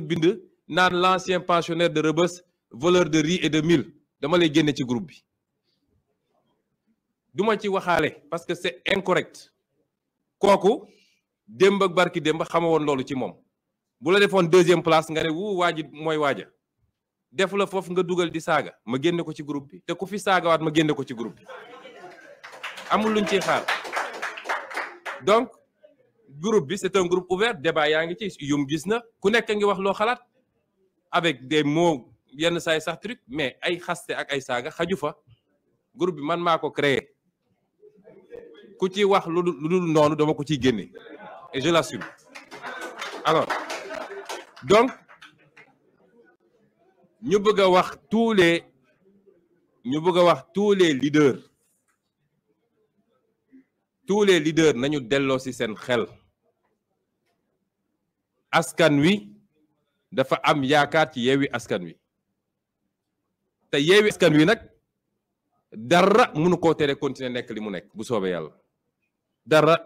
dul bind naan l' ancien pensionnaire de Rebeuss voleur de riz et de mil dama lay génne ci groupe bi duma ci waxaale parce que est incorrect kooku démb ak barki démba xama woon loolu ci moom bu la defoon deuxième place nga ne wu waa ji mooy waaja def la foofu nga dugal di saaga ma génne ko ci groupe bi te ku fi saagawaat ma génne ko ci groupe bi amul luñ ciy xaar donc groupe bi c'est un groupe ouvert débat yaa ngi ci yum gis na ku nekk ngi wax loo xalaat avec des moo yenn saay sax truc mais ay xaste ak ay saaga xaju fa groupe bi man maa ko créé ku ci wax lu dul noonu dama ko ciy génne et je l'assume alors donc ñu bëgg a wax tous les ñu bëgg a wax tous les leaders tous les leaders nañu delloo ci seen xel askan wi dafa am yaakaar ci yeewi askan wi te yeewi askan wi nag dara mënu koo tere continuer nekk li mu nekk bu soobee yàlla dara